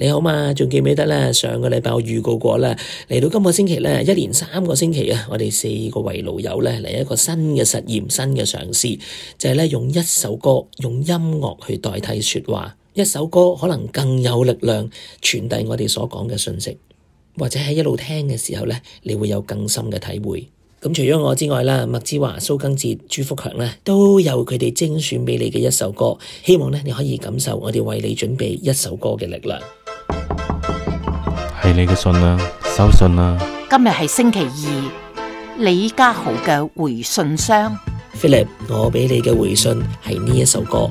你好嘛？仲記唔記得呢？上個禮拜我預告過啦，嚟到今個星期呢，一連三個星期啊，我哋四個為老友呢嚟一個新嘅實驗，新嘅嘗試，就係呢：用一首歌，用音樂去代替說話，一首歌可能更有力量傳遞我哋所講嘅信息，或者喺一路聽嘅時候呢，你會有更深嘅體會。咁除咗我之外啦，麥之華、蘇更哲、朱福強呢，都有佢哋精選俾你嘅一首歌，希望呢，你可以感受我哋為你準備一首歌嘅力量。係你嘅信啦，收信啦。今日係星期二，李家豪嘅回信箱。Philip，我俾你嘅回信係呢一首歌。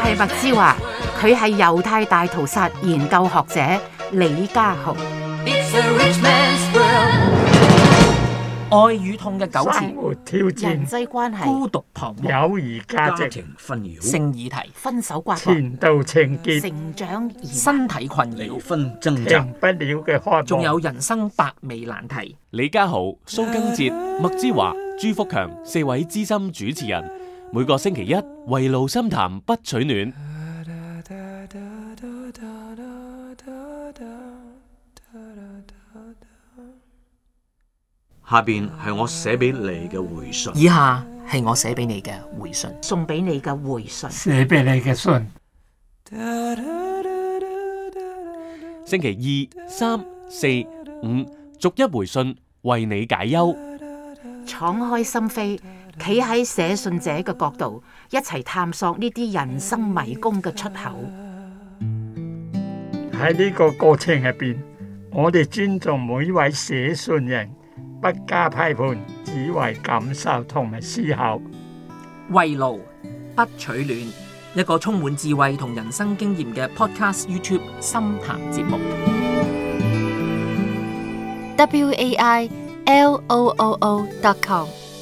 我係麥之華，佢係猶太大屠殺研究學者李家豪。S 愛與痛嘅糾纏，生活挑戰、人際關係、孤獨彷徨、友誼、家庭紛擾、性議題、分手、關係、前度、情結、成長而、身體困擾、離婚、成長不了嘅開端，仲有人生百味難題。李家豪、蘇賡哲、麥之華、朱福強四位資深主持人。每個星期一，為露心談不取暖。下邊係我寫俾你嘅回信。以下係我寫俾你嘅回信，送俾你嘅回信，寫俾你嘅信。星期二、三、四、五，逐一回信，為你解憂，敞開心扉。企喺寫信者嘅角度，一齊探索呢啲人生迷宮嘅出口。喺呢個過程入邊，我哋尊重每一位寫信人，不加批判，只為感受同埋思考。慰勞不取暖，一個充滿智慧同人生經驗嘅 Podcast YouTube 深談節目。wailoo.com